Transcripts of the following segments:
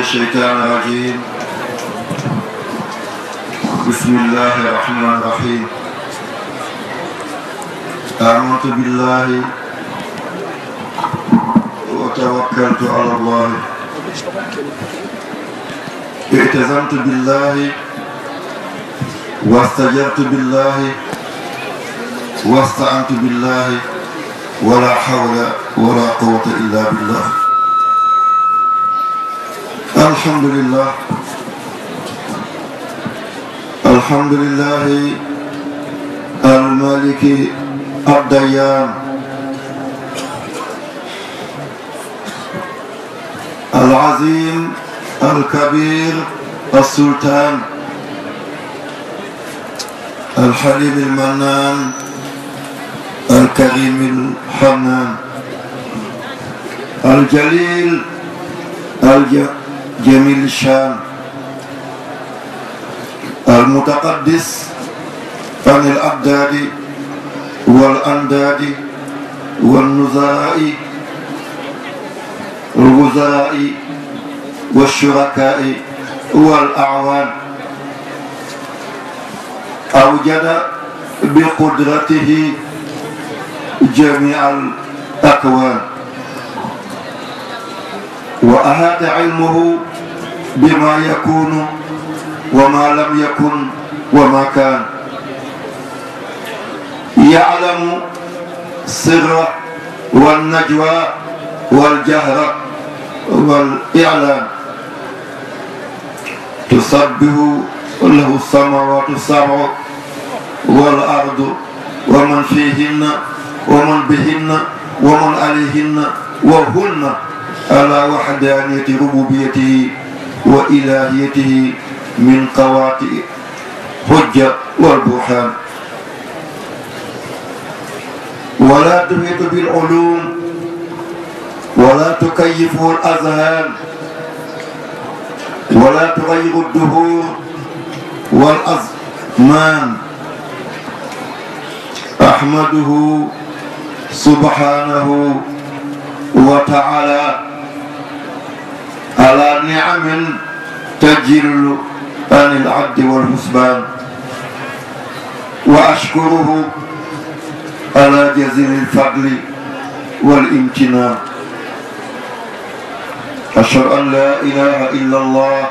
الشيطان الرجيم بسم الله الرحمن الرحيم آمنت بالله وتوكلت على الله اعتزمت بالله واستجرت بالله واستعنت بالله ولا حول ولا قوة إلا بالله الحمد لله الحمد لله المالك الديان العظيم الكبير السلطان الحليم المنان الكريم الحنان الجليل الجميل الشان المتقدس عن الأبداد والأنداد والنزراء الوزراء والشركاء والأعوان أوجد بقدرته جميع الأكوان وأحاط علمه بما يكون وما لم يكن وما كان يعلم السر والنجوى والجهر والإعلان تسبه له السماوات السبع والأرض ومن فيهن ومن بهن ومن عليهن وهن على وحدانية ربوبيته وإلهيته من قواطع حجة والبرهان ولا تحيط بالعلوم ولا تكيف الأذهان ولا تغير الدهور والأزمان أحمده سبحانه وتعالى على نعم تجل عن العبد والحسبان وأشكره على جزيل الفضل والامتنان أشهد أن لا إله إلا الله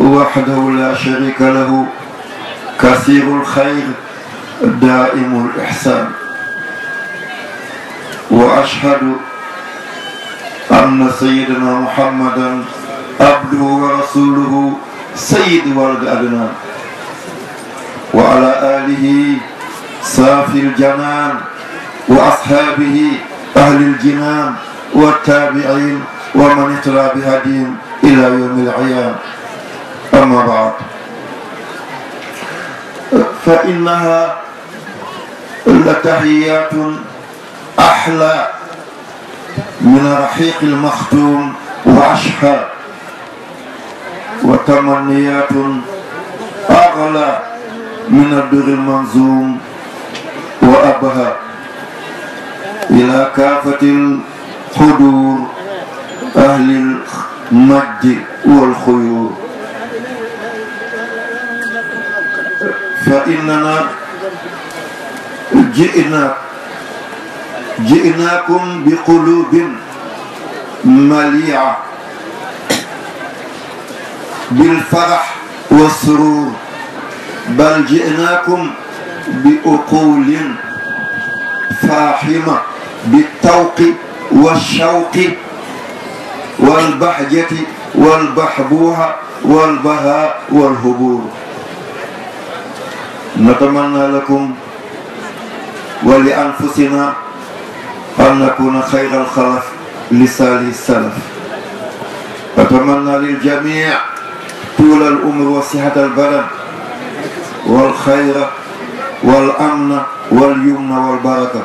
وحده لا شريك له كثير الخير دائم الإحسان وأشهد أن سيدنا محمدا عبده ورسوله سيد ولد أدنان وعلى آله صافي الجنان وأصحابه أهل الجنان والتابعين ومن اترى بهديهم إلى يوم العيام أما بعد فإنها لتحيات أحلى من رحيق المختوم وأشهى وتمنيات أغلى من الدر المنظوم وأبهى إلى كافة الحضور أهل المجد والخيور فإننا جئنا جئناكم بقلوب مليعة بالفرح والسرور بل جئناكم بأقول فاحمة بالتوق والشوق والبهجة والبحبوحة والبهاء والهبور نتمنى لكم ولأنفسنا أن نكون خير الخلف لصالح السلف أتمنى للجميع طول الأمر وصحة البلد والخير والأمن واليمن والبركة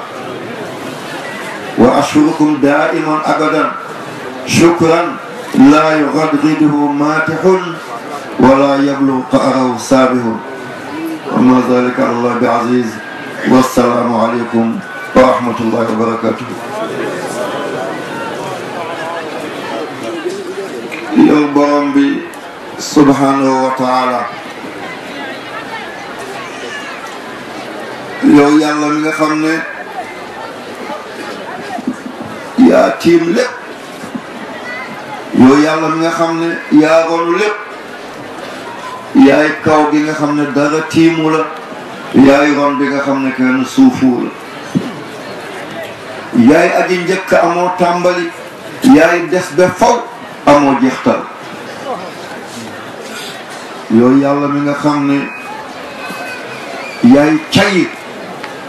وأشكركم دائما أبدا شكرا لا يغدغده ماتح ولا يبلغ قأره سابه وما ذلك الله بعزيز والسلام عليكم ورحمة الله وبركاته يوم بي سبحانه وتعالى يوم يالله من خمنا يا تيم لك يوم يالله من خمنا يا غل لك يا إكاو بي خمنا دغة تيم ولا يا يغن بي خمنا كان سوفور لك yaay aji njëkk amoo tàmbali yaay des ba faw amoo jeextal yooyu yàlla mi nga xam ne yaay cayit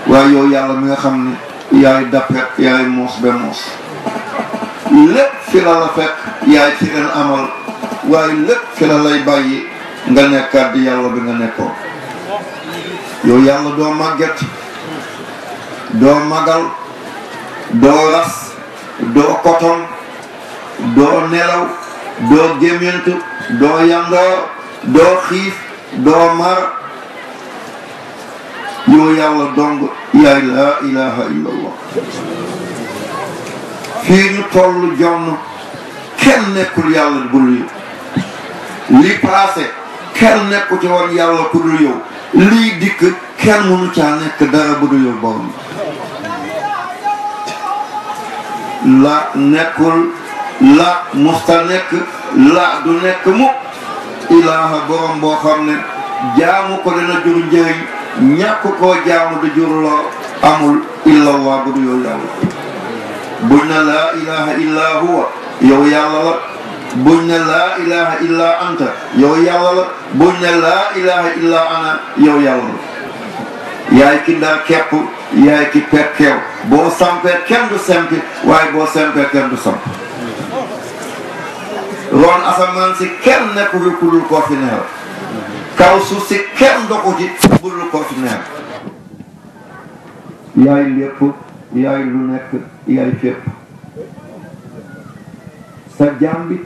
waaye yow yàlla mi nga xam ne yaay dappet yaay moos ba moos lépp fi yaay fi amal waaye lépp fi la nga nekkaat di yàlla bi nga nekkoon yow yàlla doo màgget doo magal doo ras doo koton doo nelaw doo gémént doo yandoor doo xiif doo mar yow yàlla dong yaay laa ilaha illa fii ñu toll jonn kenn nekkul yàlla bul yow li passé kenn nekku ci yàlla ku dul yow lii dikk kenn mënu caa nekk dara bu dul yow borom la nekkul la musta nekk la du nekk mu ilaaha borom boo xam ne jaamu ko dana jur njëriñ ñàkk koo jaamu du jur loo amul illa waa bu du yow yàlla buñ ne laa ilaha illa huwa yow yàlla la buñ ne laa ilaha illa anta yow yàlla la buñ ne laa ilaha illa ana yow yàlla la yaay ki ndaa kepp yaay ki pekkeew boo sampee kenn du sempi waaye boo sempee kenn du samp ron asamaan si ne nekkul ku dul koo fi neexal kaw suuf si kenn doxu ci bu dul koo fi neexal yaay lépp yaay lu nekk yaay fépp sa jaam bi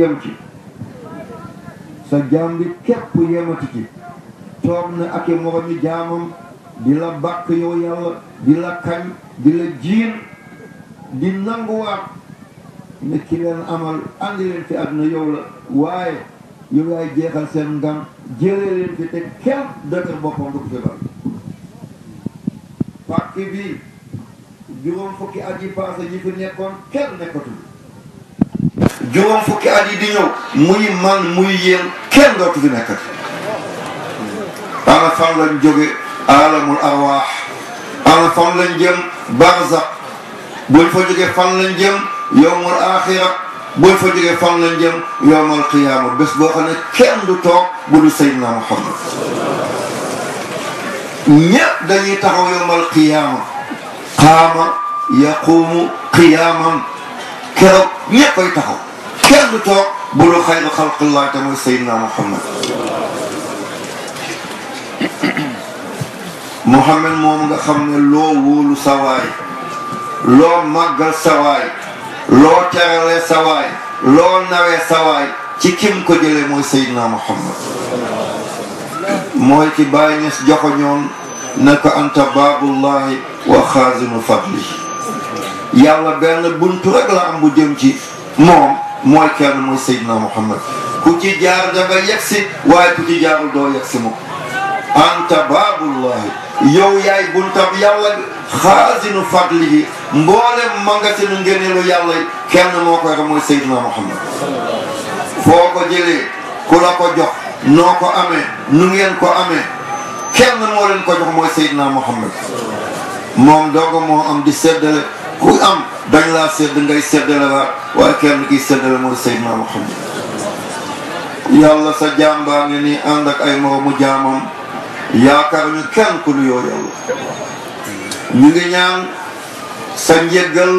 yem ci sa jaam bi képp ci toog na ak i moromi jaamam di la bàkk yow yàlla di la kañ di la jiin di nanguwaat ne ki leen amal andi leen fi àdduna yow la waaye yow yaay jeexal seen ngam jëlee leen fi te kenn dëkk boppam du ko fi bal pàkk bi juróom fukki at yi passé ñi fi nekkoon kenn nekkatul juróom fukki at yi di ñëw muy man muy yéen kenn dootu fi nekkati ana fan lañ jóge عالم الأرواح أنا فن لنجم برزق بل فجر فن لنجم يوم الآخرة بل فجر فن لنجم يوم القيامة بس بوخنا كم دو توق بلو سيدنا محمد نيب دني تهو يوم القيامة قام يقوم قياما كرب نيب يتهو كم دو توق بلو خير خلق الله تمو سيدنا محمد Muhammad moom nga xam ne loo wóolu sawaay loo màggal sawaay loo terale sawaay loo nawee sawaay ci kim ko jële mooy Seydina Muhammad mooy ci Baay Ñas joxoñoon na ko anta baabullahi wa xaazinu fadli yàlla benn buntu rek la am bu jëm ci moom mooy kenn mooy Seydina Muhammad ku ci jaar danga yegsi waaye ku ci jaarul doo yegsi mu anta baabullahi yow yay buntam yàlla xaasinu fadlihi mboolem mangasinu ngëneelu yàlla kenn moo koy xam mooy Seydina Muhammad foo ko jëlee ku la ko jox noo ko amee nu ngeen ko amee kenn moo ko jox mooy Seydina Muhammad moom dooga moo am di seddale ku am dañ laa sedd ngay seddale waat waaye kenn kiy seddale mooy Seydina Muhammad yàlla sa jaam baa ngi nii ànd ak ay jaamam yaakaar ñu kenn ku nu yow yàlla ñu ngi ñaan sa njëggal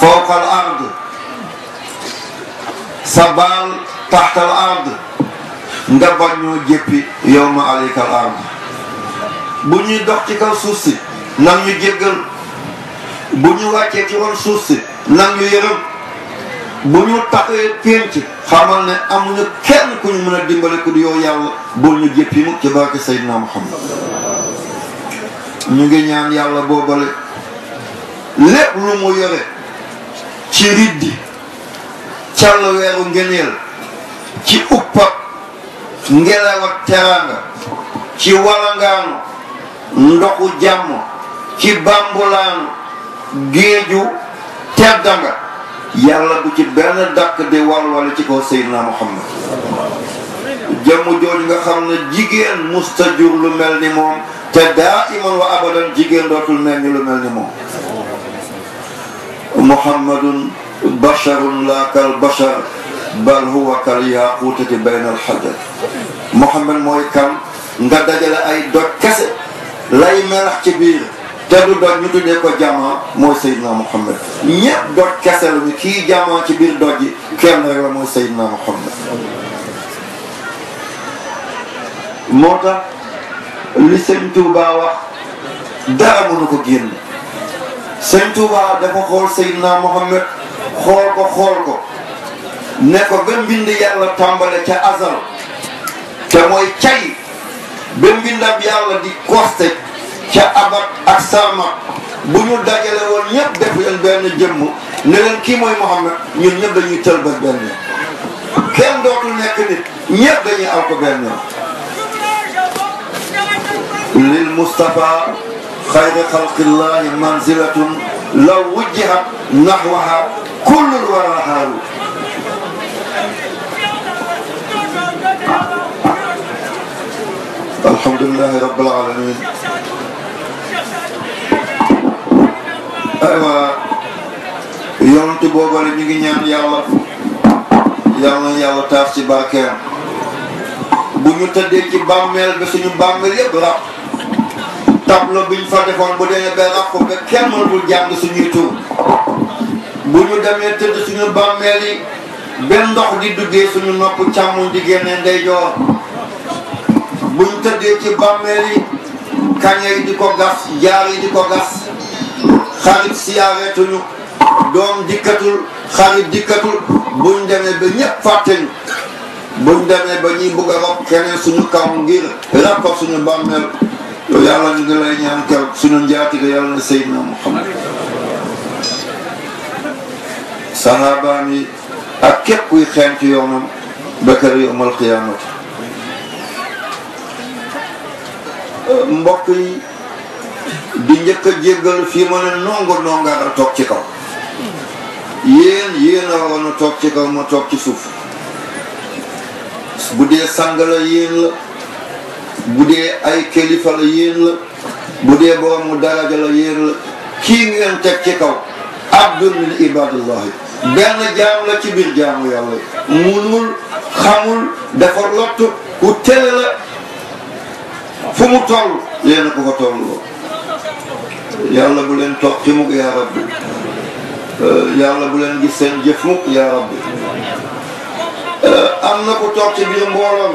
fawqal ard sa baal taxtal ard nga bañ ñoo jéppi yow ma alaykal ard bu ñuy ci kaw suuf si nag ñu jéggal bu ñu wàccee ci woon suuf si nag ñu yërëm bu ñu taxawee pénc xamal ne amuñu kenn ku ñu mën a dimbale ku di yow yàlla bul ñu jéppi mu ci barke Seydina Muhammad ñu ngi ñaan yàlla boobale lépp lu mu yore ci riddi càll ngeneel ci uppak ngelaw teraanga ci walangaanu ndoxu jàmm ci bambulaanu géeju teddanga yàlla bu ci benn dàkk di walwale ci kaw Seydina Muhammad jëmm jooju nga xam ne jigéen musta jur lu mel ni moom te daa iman wa jigéen dootul mel ni lu mel ni moom muhammadun basharun laa kal bashar bal huwa kal yaaquutati bayna al xajar muhammad mooy kam nga dajale ay doj kese lay melax ci biir te du doj ñu tuddee ko jamaa mooy Seydina Muhammad ñëpp doj kese lañu kii jamaa ci biir doj yi kenn rek la mooy Seydina moo tax li sëñ Touba wax dara mënu ko génn sëñ Touba dafa xool Seydina Muhammad xool ko xool ko ne ko ba mbind yàlla tàmbale ca azal te mooy cay ba mbindam yàlla di koste ca abat ak sarmat bu ñu dajale woon ñëpp def leen benn jëmm ne leen kii mooy Muhammad ñun ñëpp lil Mustafa xayri xalqillahi manzilatun law wujjihat nahwaha kullul wara haaru alhamdulilahi rabbil alamin aywa yonent boobu rek ñu ngi ñaan yàlla yal na yàlla ci barkeem bu ñu tëddee ci bàmmeel ba suñu bàmmeel yëpp rab tableau bi ñu fa defoon bu demee ba rab ko kenn mënatul jàng suñuy tur bu ñu demee tëdd suñu bàmmeel yi benn ndox di duggee suñu nopp càmmoñ di génnee ndeyjoor bu ñu tëddee ci bàmmeel yi kañe yi di ko gas jaar yi di ko gas xarit siyaareetuñu doom dikkatul xarit dikkatul buñ demee ba ñëpp fàtte ñu demee ba ñuy bugg a rob keneen suñu kaw ngir rab ko suñu bàmmeel yàlla ngi lay ñaan keroog suñu njaatige yàlla na Seydina Muhammad sahabaam yi ak képp kuy xeent yoonam ba kër yawmal qiyaamati mbokk yi bi njëkk a jéggal fii ma ne nongo nongaanal toog ci kaw yéen yéen a waroon toog ci kaw ma toog ci suuf bu dee sang la yéen la bu dee ay kilifa la yéen la bu dee mu daraja la yéen la kii ngeen teg ci kaw abdul min ibadillahi benn jaam la ci biir jaamu yàlla munul xamul dafa lott ku tele fu mu toll yéen a ko fa toll yàlla bu leen toog ci mukk yaa rabbi euh, yàlla bu leen gis seen jëfu mukk yaa rabbi euh, am na ku toog ci biir mbooloo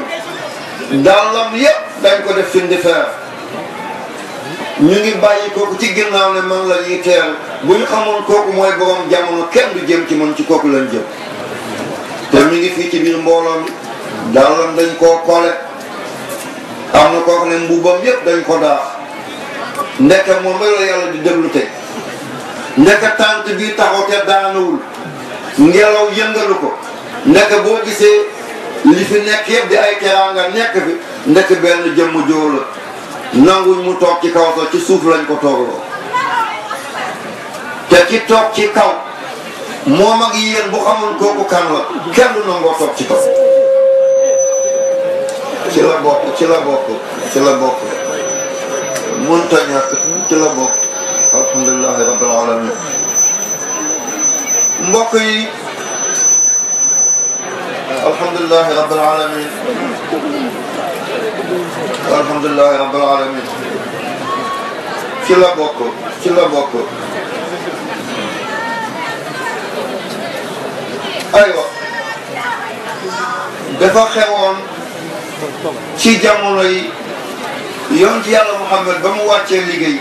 dàllam yépp dañ ko def fi ndifeer ñu ngi bàyyi kooku ci ginnaaw ne man la ñuy teel bu ñu xamoon kooku mooy borom jamono kenn du jëm ci man ci kooku lañ jëm te ñu ngi fii ci biir mbooloo mi dàllam dañ koo kole am na koo xam mbubbam yépp dañ ko daax ndeka moom ba la yàlla di déglu tey ndeka tànt bii taxaw te daanuwul ngelaw yëngalu ko ndeka boo gisee li fi nekk yëpp di ay teraanga nekk fi ndek benn jëmm joo la nanguñ mu toog ci kaw sax ci suuf lañ ko toogloo te ci toog ci kaw moom ak yéen bu xamul kooku kan la kenn nangoo toog ci kaw ci la bokk ci la bokk mënta ñàkk ci la bokk alhamdulilahi rabbil alamin mbokk yi alhamdulilahi rabbil alamin alhamdulilahi rabbil alamin ci la bokk ci la bokk aywa dafa xewoon ci jamono yi yoon ci yàlla Muhammad ba mu wàccee liggéey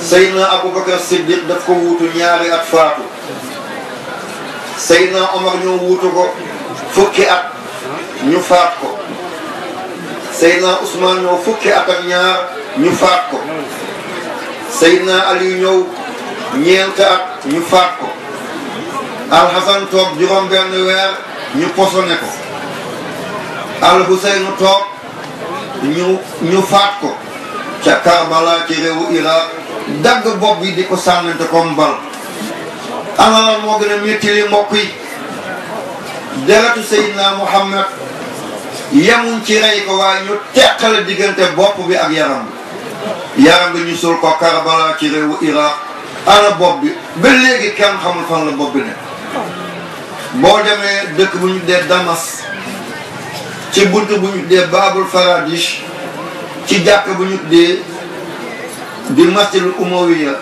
Seydina Aboubacar Siddiq daf ko wuutu ñaari at faatu Seydina Omar ñoo wuutu ko fukki at ñu faat ko Seydina Ousmane ñoo fukki at ak ñaar ñu faat ko Seydina Aliou ñëw ñeent at ñu faat ko Alxasan toog juróom benn weer ñu posone ko Alxuseynu toog ñu ñu faat ko ca Karbala ci réewu Irak dagg bopp bi di ko sànnante comme bal ana moo gën a métti li mbokk yi deratu Seydina Muhammad yemuñ ci rey ko waaye ñu teqale diggante bopp bi ak yaram bi yaram bi ñu suul ko Karbala ci réewu Irak ana bopp bi ba léegi kenn xamul fan la bopp bi ne boo demee dëkk bu ñu dee Damas ci bunt bu ñu dee baabul faradis ci jàkk bu ñu dee di masjidul umawiya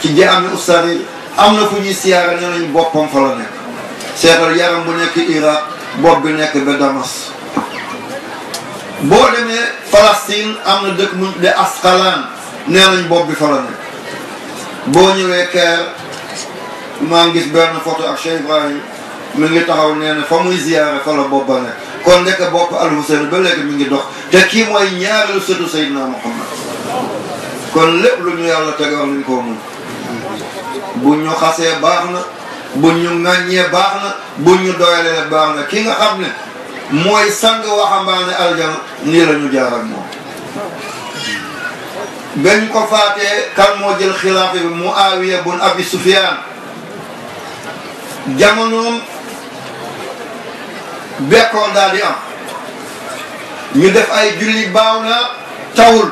ci jaami ustari am na fu ñuy siyaara ne nañ boppam fa la nekk seetal yaram bu nekk iraq bopp bi nekk ba damas boo demee Palestine am na dëkk bu ñu dee Asqalaan nee nañ bopp bi fa la nekk boo ñëwee Caire maa ngi gis benn photo ak Cheikh Ibrahim mi ngi taxaw nee na fa muy ziyaara fa la bopp nekk kon ndeka bopp alxuseyn ba léegi mi ngi dox te kii mooy ñaareelu sëtu Seydina Muhammad kon lépp lu ñu yàlla tegoon nañ koo mun bu ñu xasee baax na bu ñu ŋàññee baax na bu ñu doyalee baax na ki nga xam ne mooy sang waxambaane aljana nii la ñu jaar ak moom bañ ko faatee kan moo jël xilaafa bi Muawiya bun Abi Sufyaan jamonoom bekkoor daal di am ñu def ay julli baaw na tawul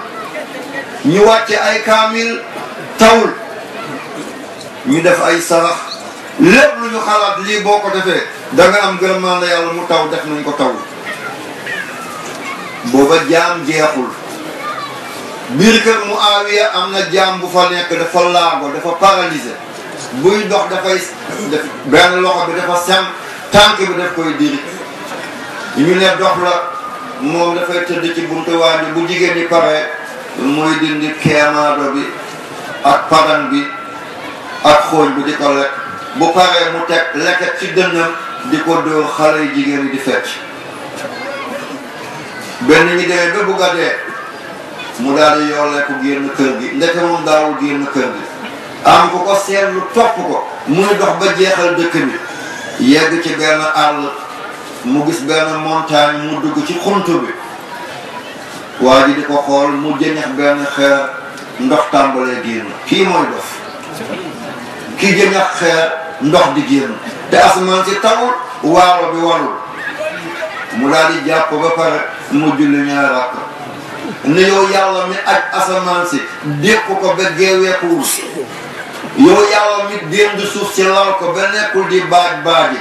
ñu wàcce ay kaamil tawul ñu def ay sarax lépp lu ñu xalaat lii boo ko defee da am gërëmaande yàlla mu taw def nañ ko taw booba jaam jeexul biir kër mu aawiya am na jaam bu fa nekk dafa laago dafa paralysé buy dox dafay def loxo bi dafa sem tànk bi daf koy diri ñu ne dox la moom dafay tëdd ci buntu waañ bi bu jigéen ñi pare muy dindi keemaado bi ak padan bi ak xooñ bi di ko lekk bu paree mu teg leket ci dënnam di ko dóor xale yu jigéen yi di fecc benn ñi dee ba bugg dee mu daal di yooleeku génn kër gi ndeke moom daawu génn kër gi am ku ko seetlu topp ko muy dox ba jeexal dëkk bi yegg ci benn àll mu gis benn montagne mu dugg ci xunt bi waa ji di ko xool mu jëñax benn xeer ndox tàmbalee génn kii mooy dof ki jëñax xeer ndox di génn te asmaan si tawul waalo bi warul mu daal jàpp ba pare mu julli ñaar rakk ne yow yàlla mi aj asamaan si dékk ko ba geeweekuwul yow yàlla mi dénd suuf si lal ko ba nekkul di baaj baaji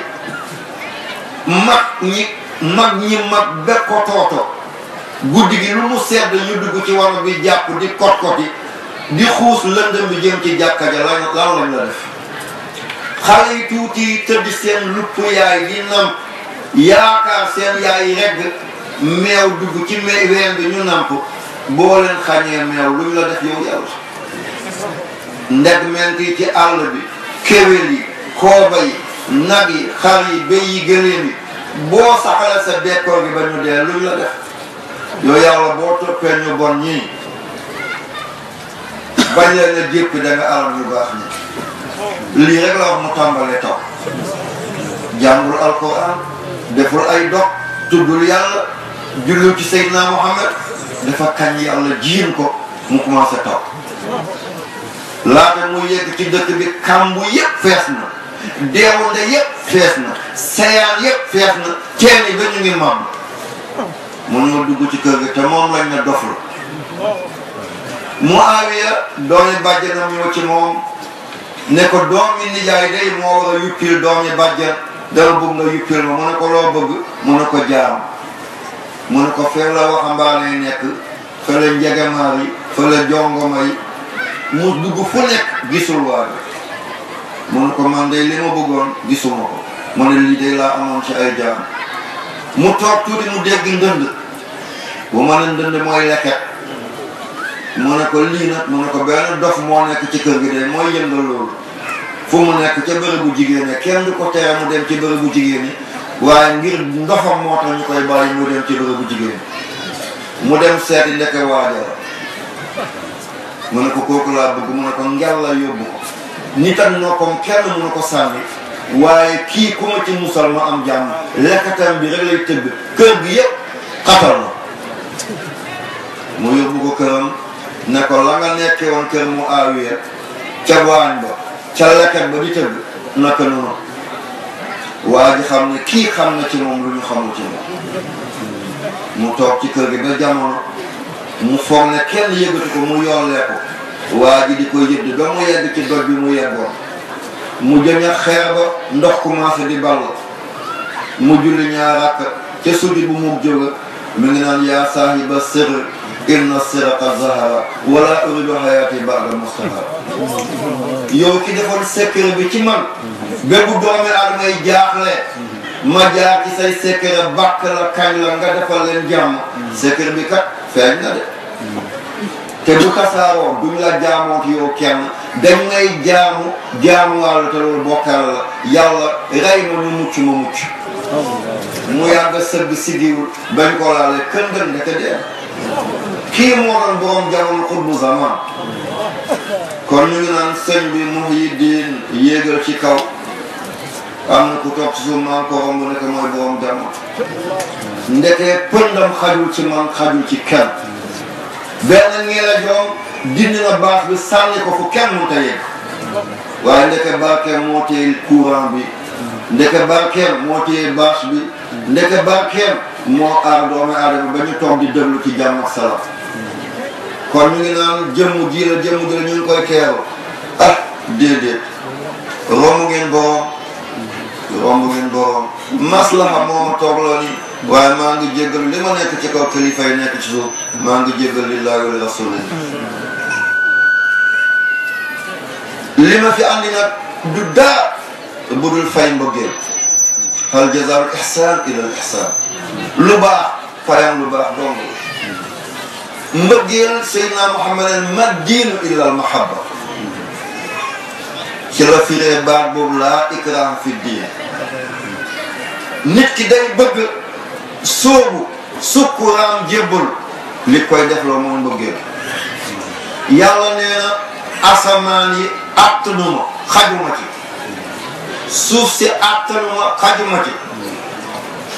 mag ñi mag ñi mag be ko tooto guddi gi lu mu sedd ñu dugg ci waro bi jàpp di kot koti di xuus lëndëm bi jëm ci jàkka ja lan lan la def xale yi tuuti tëdd seen lupp yaay di namp yaakaar seen yaay regg meew dugg ci meew bi ñu namp boo leen xañee meew luñ la def yow yàlla ndeg yi ci àll bi kéwél yi xooba yi nag yi xar yi béy yi gëléem yi boo saxale sa dekkoor gi ba ñu dee luñ la def yàlla boo toppee ñu bon ñii bañ leen a jéppi da alam ñu baax ñi lii rek la wax mu tàmbalee taw jàngul alquran deful ay dox tuddul yàlla jullu ci Seydina Muhammad dafa kañ yàlla jiin ko mu commencé taw laata mu yegg ci dëkk bi kàmbu yëpp fees na deewul de yëpp fees na sayaan yëpp fees na teen yi ba ñu ngi mam mënuma dugg ci kër gi te moom lañ na doful Muawiya doomi bàjjanam ñoo ne ko doomi nijaay day doomi bàjjan dara bëgg nga yuppil ma mu ne ko loo bëgg mu ne ko jaam mu ne ko fee la waxambaane nekk fa la njegamaar yi la jongoma mu dugg fu nekk gisul waaye mu ne ko man li ma bëggoon gisuma ko mu ne lii de laa amoon ci ay jaam mu toog tuuti mu dégg ndënd bu ma ne ndënd mooy leket mu ne ko lii nag mu ko benn dof moo nekk ci kër gi de mooy yëngal loolu fu mu nekk ca bërëbu jigéen ñi kenn du ko tere mu dem ci bërëbu jigéen ñi waaye ngir ndofam moo tax ñu koy bàyyi mu dem ci bërëbu jigéen ñi mu dem seeti ndeke waajal mu ne ko kooku laa bëgg mu ne ko ngel la yóbbu nitam na ko kenn mën na ko sànni waaye kii ku ma ci musal ma am jàmm lekkatam bi rek lay tëgg kër gi yëpp xatal na mu yóbbu ko këram ne ko la nga nekke woon kër mu aawiya ca waañ ba ca lekkat ba di tëgg naka noonu waa ji xam ne kii xam na ci moom lu ñu xamul ci moom mu toog ci kër gi ba jamono mu foog ne kenn yëgatu ko mu yollee ko waa ji di ko yëdd ba mu yegg ci doj bi mu yeggoon mu jëña xeer ba ndox commencé di ball mu julli ñaar rakk ca sudi bu mu jóga mi ngi naan yaa saahiba sir inna sirata zahara wala uridu hayati ba'da mustafa yow ki defoon secret bi ci man bépp doomi aadama yi jaaxle ma jaar ci say a bàkk la kañ la nga defal leen jàmm secret bi kat feeñ na de te bu tasaaroo duñ la jaamoot yow kenn dañ ngay jaamu jaamuwaale te loolu bokkal la yàlla rey ma nu mucc ma mucc mu yàgg sëgg bañ ko laale këndën ndeke dee kii moo doon borom jamono xutbu zaman kon ñu ngi naan sëñ bi Muhyiddin yéegal ci kaw am na ku toog ci suuf maa ngi ko romb nekk mooy borom jamono ndeke ci man xajul ci kenn benn ngeen a joom na baax bi sànni ko fu kenn mënta yegg waaye ndeke barkeem moo téye courant bi ndeke barkeem moo bi ndeke barkeem moo aar doomu aadama ba ñu toog di déglu ci jàmm ak salaam kon ñu ngi naan jëmm ji jëmm ji la ñu ngi koy teeru ah déedéet romb ngeen borom romb ngeen borom maslaha moo ma toogloo ni waaye maa ngi jéggalu li ma nekk ci kaw kilifa yi nekk ci suuf maa ngi jéggalu lillaahi wa rasuuli li ma fi andi nag du daa budul fay hal jazaa'ul ihsaan illal ihsaan lu baax fayam lu baax dong mbëggeel Seydina Muhammadan ma diinu illal laa ikraaha fi diin nit ki day bëgg sóobu sukkuraam jébbal li koy def loo moom bëggee yàlla nee na asamaan yi àttanuma xajuma ci suuf si àttanuma xajuma ci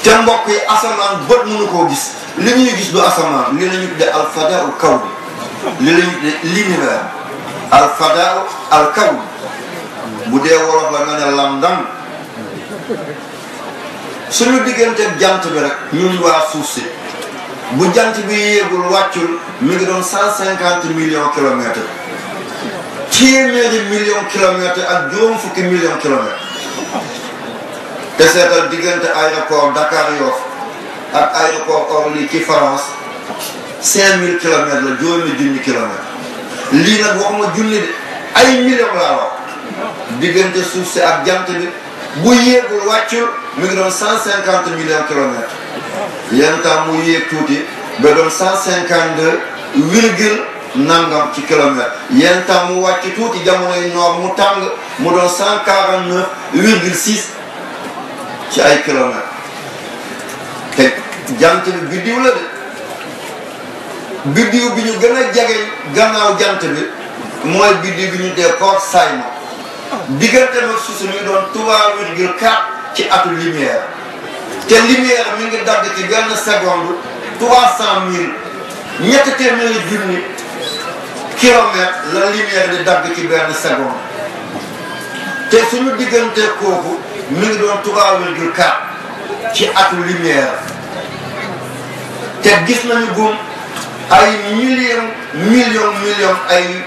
te mbokk yi asamaan bët mënu koo gis li ñuy gis du asamaan li la ñu tuddee alfadaa kaw bi li la ñu tuddee l'univers alfadaa al kaw bi bu dee wolof la nga ne landang suñu diggante jant bi rek ñun waa suuf si bu jant bi yéegul wàccul mi ngi doon cent cinquante millions kilomètres téeméeri millions ak juróom fukki millions kilomètres te seetal diggante aéroport Dakar Yoff ak aéroport Orly ci France cinq mille kilomètres la juróomi junni kilomètres lii nag waxuma junni de ay millions laa wax diggante suuf si ak jant bi bu yéegul wàccul mi ngi doon cent cinquante millions kilomètres yenn mu yéeg tuuti ba doon cent cinquante deux nangam ci kilomètre yenn temps mu wàcc tuuti jamono yi noor mu tàng mu doon cent quarante neuf virgule six ci ay kilomètres te jant bi biddiw la de biddiw bi ñu gën a jege gannaaw jant bi mooy biddiw bi ñu dee Port Saïd diggante nag suuf si doon trois virgule quatre ci atu lumière te lumière mi ngi dagg ci benn seconde trois cent mille ñetti téeméeri junni kilomètre la lumière di dagg ci benn seconde te suñu diggante kooku mi ngi doon trois virgule quatre ci atu lumière te gis nañu gum ay million million ay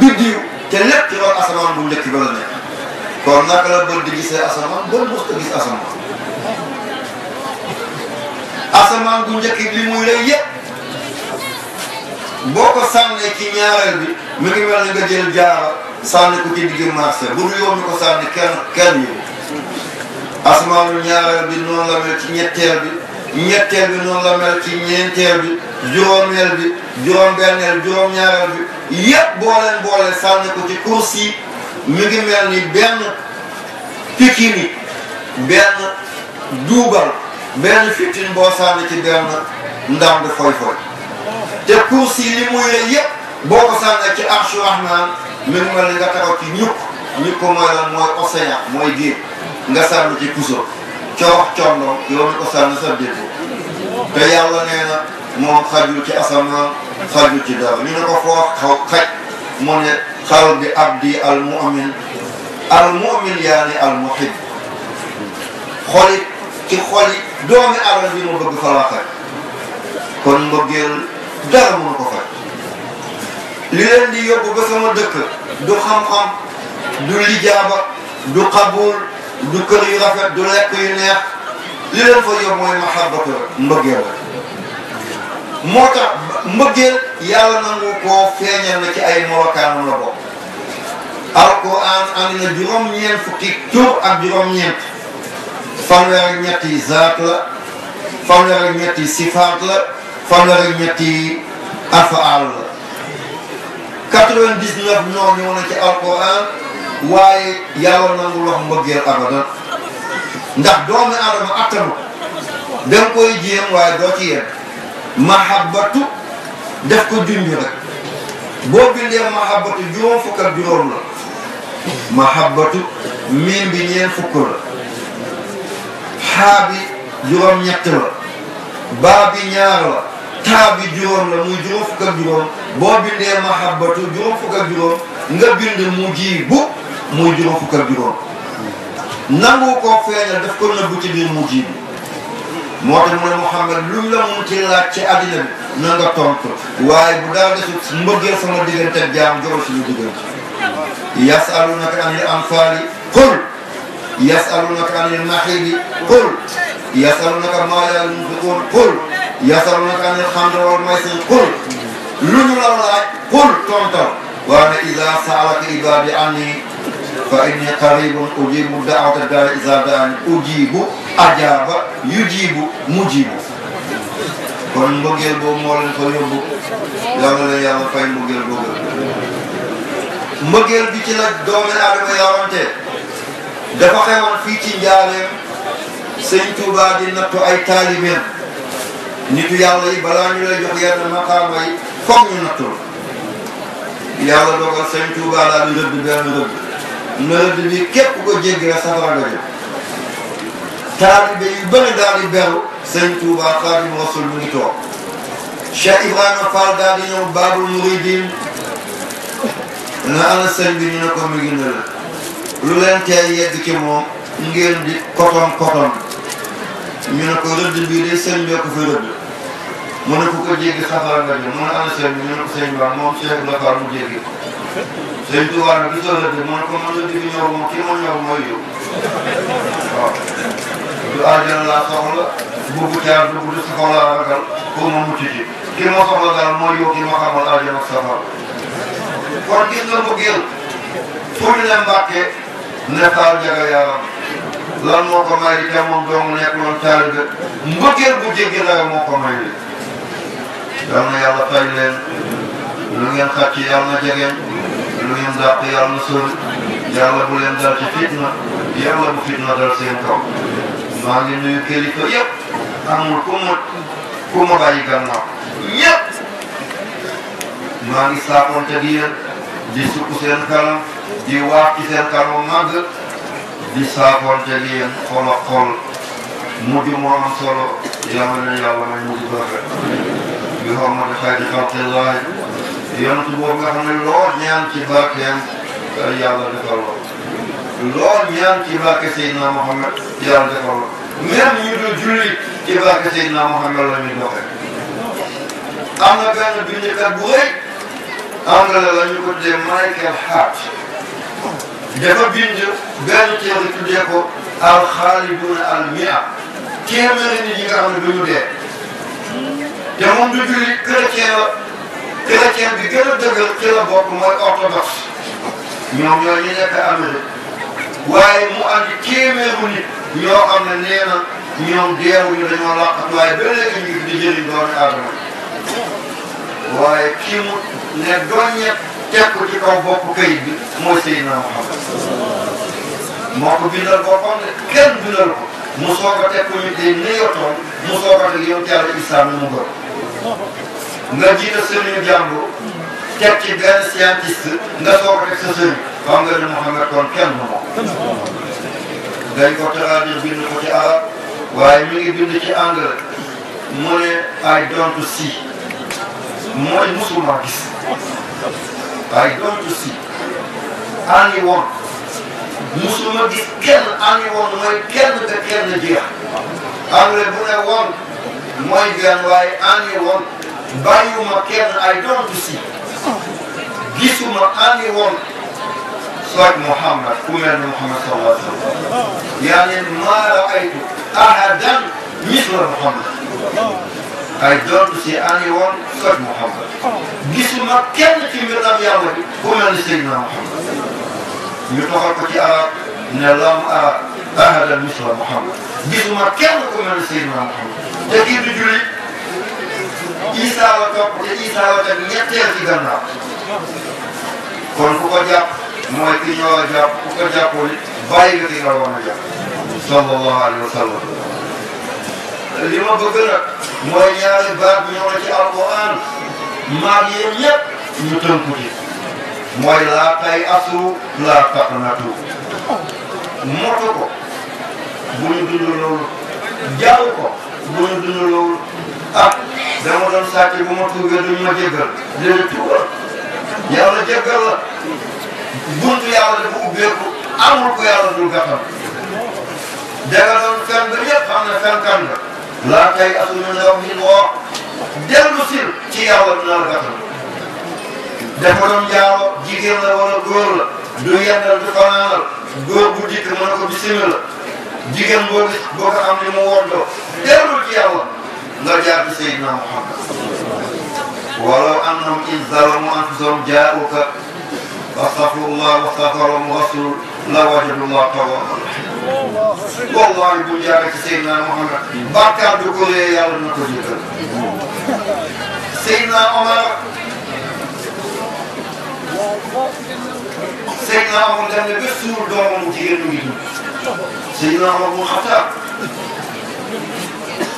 biddiw te lépp loolu asamaan bu njëkk ba kon naka la bët di gisee asamaan bët mos ko gis asamaan asamaan bu njëkk bi muy lay yëpp boo ko sànnee ci ñaareel bi mu ngi mel ni nga jël jaara sànni ko ci digg marché bu dul yoon ko sànni kenn kenn yi asamaanu bi noonu la mel ci ñetteel bi ñetteel bi noonu la mel ci ñeenteel bi juróomeel bi juróom-benneel juróom-ñaareel bi yëpp boo leen boole sànni kursi mi ngi mel ni benn pikini benn duubal benn fitin boo sànni ci benn ndànd foy foy te course yi li muy rëy yëpp boo ko sànnee ci archu rahman mi ngi mel ni nga taxaw ci ñukk ñukk mooy lan mooy océan mooy géej nga sànni ci puso coox condoo yow mi ko sànni sa te yàlla nee na moom xajul ci asamaan xajul ci dara ñu ne ko foo xaw xaj mu ne xal bi abdi al kon mbëggeel dara mënu ko faj li leen di yóbbu ba sama du xam-xam du lijaaba du xabul du kër du lekk yu neex li leen fa yóbbu mooy mahabbatu mbëggeel la moo tax mbeugel yalla nangou ko feñal na ci ay morokan la bok alquran an na juróom ñeen fukki tur ak juróom ñeen fanweer ak ñetti zaat la fanweer ak ñetti sifaat la fanweer ak ñetti afaal la 99 noo ñëw na ci alquran waye yalla ya nangou lox mbeugel abadan ndax doomi aadama attanu da koy jiyam waye do ci yeen mahabbatu def ko junj nag boo bindee mahabbatu juróom fukk ak juróom la mahabbatu miim bi ñeent fukk la xaa juróom ñett la baa bi ñaar la taa juróom la muy juróom fukk juróom boo bindee mahabbatu juróom fukk juróom nga bind mu ji bu muy juróom fukk juróom nangu koo feeñal daf ko nëbbu ci biir mu ji bi moo tax mu ne Muhammad luñ la mun ci laaj ci àddina bi na nga tontu waaye bu dara desut mbëggeel sama diggante ak jaam joxal suñu diggante yasalunaka anil anfaali qul yasalunaka anil maxiidi qul yasalunaka maa yaa yunfiquun qul yasalunaka anil xamri wal maysir qul lu ñu la laaj qul tontal waaye idaa saalaka ibaadi anni fa inni qaribun ujibu daawata daari iza daani ujibu ajaaba yujibu mujibu kon mbëggeel boobu moo leen fa yóbbu mbëggeel boobu mbëggeel bi ci la doomi aadama yarante dafa xewoon fii ci njaareem sëñ Touba di nattu ay taalibeem nitu yàlla yi balaa ñu lay jox yenn maqaama yi foog ñu nattu yàlla dogal sëñ Touba daal di rëdd benn rëdd na rëdd bi képp ko jéggi rek safara nga jëm yu bëri daal di beru sëriñ Tuuba Xaadimu Rasuul mu ngi toog Cheikh Ibrahima Fall daal di ñëw Baabul Muridiin na ana sëriñ bi ñu ne ko mi ngi nële lu leen teel yegg ci moom ngeen di kotom kotom ñu ne ko rëdd bii de sëriñ bi ko fi rëdd mu ne ko ko jéggi safara nga jëm mu ne ana sëriñ bi ñu ne ko sëriñ Ba moom Cheikh Ibrahima Fall mu jéggi sëriñ Tuuba nag mu ne ko man rëdd bi soxla buur bu jaar dugg ci kaw laa ragal pour mu mucc ci kii moo soxla daal mooy yow kii ma xamal aljana ak kon gis nga mbëggeel fu ñu ne mbàkkee ne taal jaga yaaram lan moo ko may te moom dong nekkuloon taalibe mbëggeel bu jéggi daga moo ko may li yal yàlla fay leen lu ngeen xàcc yàlla na jegeñ lu ngeen dàq yàlla na sori yàlla bu leen dal ci fitna yàlla bu fitna dal seen kaw maa ngi nuyu kilifa yëpp amul ku mu ku mu bàyyi gannaaw yëpp maa ngi saakoonte ak di sukk seen kanam di waat ci seen kanam màgg di saakoonte ak yéen xol ak xol mujj moo am solo yal na yàlla may mujj bu rafet bi xormati xayri xalqillahi yonent boobu nga xam ne lool ñaan ci barkeem yàlla defal la lool ñaan ci barke Seydina Muhammad yàlla defal la ñan ñu dul julli ci barke Seydina Muhammad la ñu doxee am na benn bindkat bu rëy anglais la ñu ko tuddee Michael Hart dafa bind benn téere tuddee ko alxaaliduuna al mia téeméeri nit yi nga xam ne du ñu dee te moom du julli chrétien la chrétien bi gën a dëgër ci la bokk mooy orthodoxe ñoom ñooy ñu nekk Amérique waaye mu andi téeméeru nit ñoo xam ne nee na ñoom deewuñu dañoo laqatu waaye ba léegi ñu ngi di jëriñ doomi aadama waaye kii ne doññe teg ko ci kaw bopp kayit bi mooy Seydina Muhammad moo ko bindal boppam ne kenn bindal ko mu soog a teg ko ñu tey ni yotoon mu soog a teg yow teel islam mu gëm nga jiite sëriñu jàmbur teg ci benn scientiste nga soog a teg sa sëriñ xam nga ne Muhammad kon kenn du moom dañ ko traduire bind ko ci arab waaye mi ngi bind ci anglais mu I don't see mooy musuma gis I don't see àndi woon gis kenn àndi mooy kenn ba kenn jeex anglais bu ne woon mooy benn waaye àndi woon kenn I don't see gisuma àndi صوت محمد ومن محمد صلى الله عليه وسلم يعني ما رأيت أحدا مثل محمد I don't see anyone but Muhammad. Gisu ma kenn ci mbiram yàlla bi ku mel ni Seydina Muhammad. ñu toxal ko ci arab ne lam ara ahada misla Muhammad. Gisu ma kenn ku mel ni Seydina Muhammad. te kii du julli Isa wa topp te Isa wa teg ñetteel ci gannaaw kon ku ko jàpp mooy ki ñu war a jàpp ku ko jàppul bàyyi nga ki nga war a jàpp sallallahu alayhi wa sallam li ma bëgg nag mooy ñaari baat ñëw na ci alquran maag yéen ñëpp ñu tënku ci mooy laa tay asu laa taqnatu motu ko bu ñu dund loolu jaaw ko bu ñu dund loolu ah dama doon sàcc bu ma tuubee duñ ma jéggal léegi tuubal yàlla buntu yàlla dafa ubbeeku amul ku yàlla dul gàttal. dagaloon fen ba ñëpp xam ne fen kan la. laa la gàttal. dafa doon jigéen la wala góor la. du yendal du fanaanal. góor bu dikk mën na ko bisimil la. jigéen boo ko am ni mu woddoo. dellu ci yàlla. nga jaar ci Seydina Muhammad. walaw annahum iz zalamu anfusahum jaa'uuka Estağfurullah ve estağfurullah Resul. La vacibullah tavvallah. Vallahi bu cihazı Seyyidina Muhammed. Bakar dukuluya yalını kuzudur. Seyyidina Ömer Seyyidina Ömer'den de bir sürü doğumun ciğerini gidiyor. Seyyidina Ömer bunu hatta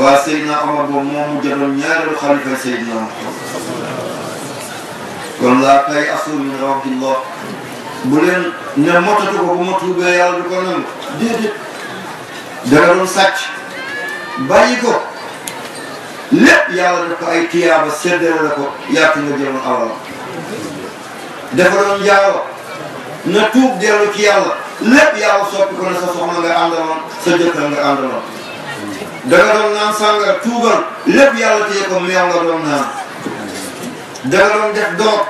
waa Seydina Omar boobu moom mu jotoon ñaareelu xalifa Seydina kon laa kay asur min rawatillah bu leen ne motatu ko bu ma tuubee yàlla du ko nangu déedéet danga doon sàcc bàyyi ko lépp yàlla def ko ay tiyaaba seddale la ko yaatu nga jëloon awala dafa doon jaaro na tuub dellu ci yàlla lépp yàlla soppi ko ne sa nga àndaloon sa jëkkër nga àndaloon danga doon naan sàngara tuubal lépp yàlla téye ko meew nga doon naan danga doon def doog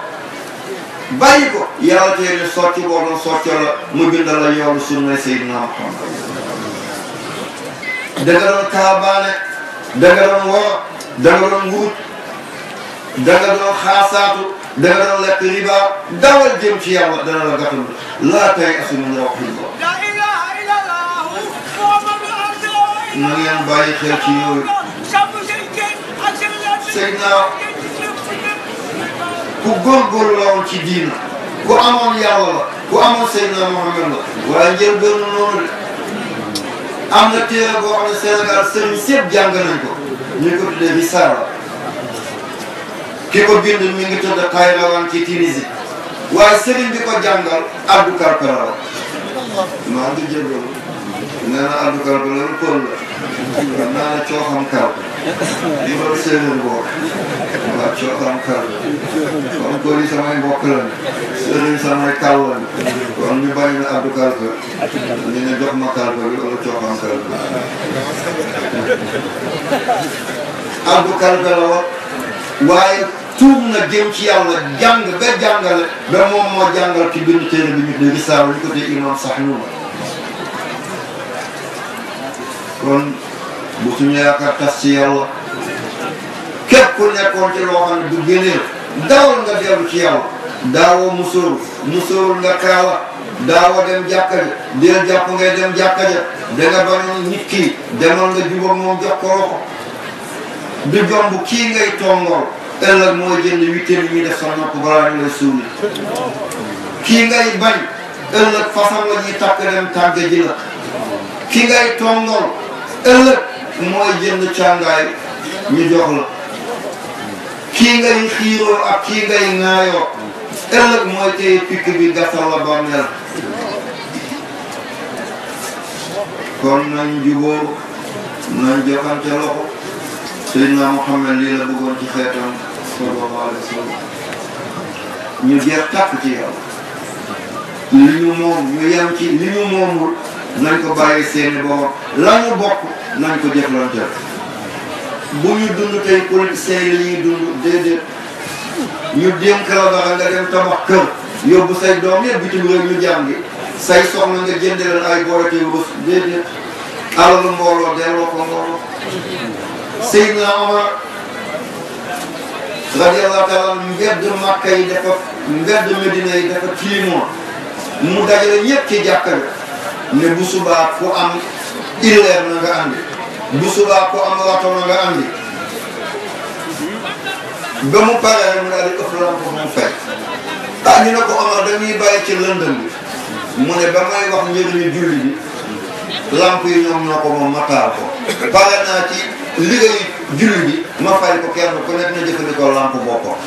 bàyyi ko yàlla téye ne sotti boo doon mu bindal la yoonu sunna Seydina Muhammad danga doon kaabaane danga doon woro danga doon wuut danga doon xaasaatu danga doon lekk riba dawal jëm ci yàlla dana la gàttal laa tay asumina rahmatullah na ngeen bàyyi xel ci yooyu. Seydina ku góorgóorlu la woon ci diina ku amoon yàlla ku amoon Seydina Mohamed la waaye njël benn noonu de am na téere boo xam ne Sénégal sëriñ sépp jàng ko ñu ko tuddee bi ci Tunisie waaye sëriñ bi ko jàngal Abdou Karpela maa ngi jégalu nee na Abdou Karpela la pël la naa coo xam karaw li ma séeréer boo waaw coo xam karaw kon góor yi samay mbokk lañu séeréer yi samay kàll lañu kon ñu bàyyi na addu karaw ñu ne jox ma karaw bi wala coo xam karaw addu karaw la waaye tuub na jëm ci yàlla jàng ba jàngale ba moom moo jàngal ci benn téere bi ñu de risaala li ko dee imam sax ñu kon bu suñu yaakaar tas ci yàlla képp ku nekkoon ci loo xam ne du génneel dawal nga dellu ci yàlla daawoo musóoru musóorul nga kaala daawoo dem jàkka ja deel ngay dem jàkka danga bañ nit kii demal nga jubóog moom jox ko loxo du jomb kii ngay tongool ëllëg mooy jënd huitaine yi def sa nopp balaa lay suuli kii ngay bañ ëllëg façon la tàkk dem tàgg ji la ki ngay tongool ëllëg mooy jënd càngaay ñu jox la kii ngay xiiroo ak kii ngay ŋaayoo ëllëg mooy téye pikk bi gàttal la bàmmeel kon nañ jubóor nañ joxante loxo Seydina Muhammad lii la bëggoon ci xeetam sallallahu alayhi wa ñu jeex tàkk ci yàlla li ñu moom ñu yem ci li ñu moomul nañ ko bàyyi seeni borom la ñu bokk nañ ko jëflante bu ñu dund tey politiciens yi la ñuy dund déedéet ñu dénk la dara nga dem tabax kër yóbbu say doom yëpp bitim réew ñu jàngi say soxna nga jënde ay boole tey bës déedéet alalu mbooloo delloo ko mbooloo Seydina Omar radiyallahu taala mbedd Makka yi dafa mbedd Medina yi dafa climat mu dajale ñëpp ci jàkka bi ne bu subaa ku am illeer na nga andi bu subaa ko am waxtoon nga andi ba mu paree mu daal di ëpp lam moom fay ah ñu ne ko Omar dañuy bàyyi ci lëndëm bi mu ne ba may wax njëriñu julli bi lamp yi ñoom na ko moom ma taal ko pare naa ci liggéeyu julli bi ma fay ko kenn ku nekk na jëfandikoo lamp boppam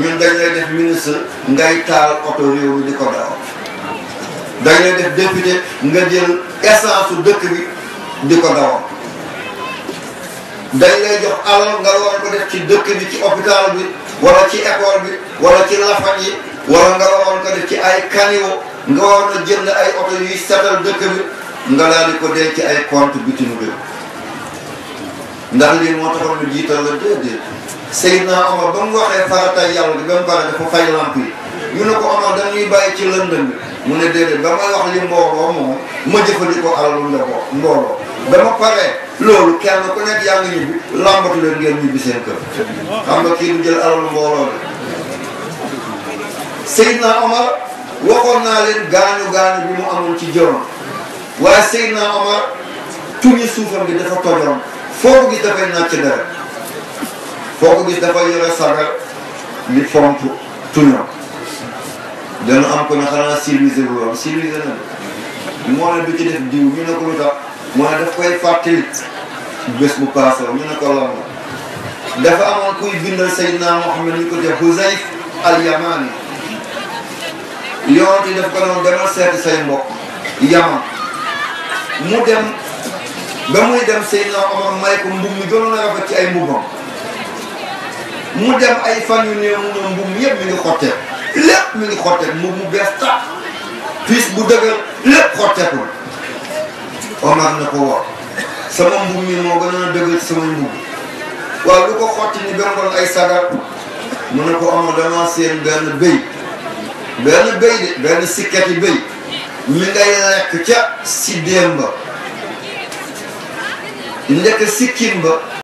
ñun dañ lay def ministre ngay taal oto réew mi di ko daaw dañ lay def député nga jël essence su dëkk bi di ko dawam dañ lay jox alal nga war ko def ci dëkk bi ci hôpital bi wala ci école bi wala ci lafañ yi wala nga waroon ko def ci ay kaniwo nga waroon a jënd ay oto yuy setal dëkk bi nga daal di ko denc ay compte bitim réew ndax lii moo taxoon ñu jiital la déedéet Seydina Omar ba mu waxee farata yàlla ba mu pare dafa fay lamp yi ñu ne ko Omar dañuy bàyyi ci lëndëm mu ne déedéet ba may wax li mbooloo moom ma jëfandikoo alalu ndebo mbooloo dama pare loolu kenn ku nekk yaa ngi ñibbi làmbatu ngeen ñibbi seen kër xam nga kii du jël alalu mbooloo de Seydina Omar waxoon naa leen gaañu gaañu bi mu amoon ci jëloon waaye Seydina Omar tuñu suufam bi dafa tojoon foo ko gis dafay nàcc dara foo ko gis dafay yore sagar li fomp tuñam dana am ko ne xanaa civilisé bu woon civilisé na moo ne du ci def diw ñu ne ko lu moo ne dafa amoon kuy bindal Seydina Mouhamed ñu mu dem ba muy dem Seydina Omar may ko mbubb mi doon na rafet ci ay mbubbam mu dem ay fan yu néew mu ne mbubb yëpp mi ngi xottee lépp mi ngi xotteeku mu mu bees tax piis bu dëgër lépp xotteeku Omar na ko wax sama mbubb mi moo gën a dëgër sama mbubb waaw lu ko xotti ni benn ay sagar mu ne ko Omar dama seen benn béy benn béy de benn sikkati béy mi ngay lekk ca si déem ba ndekk sikkim ba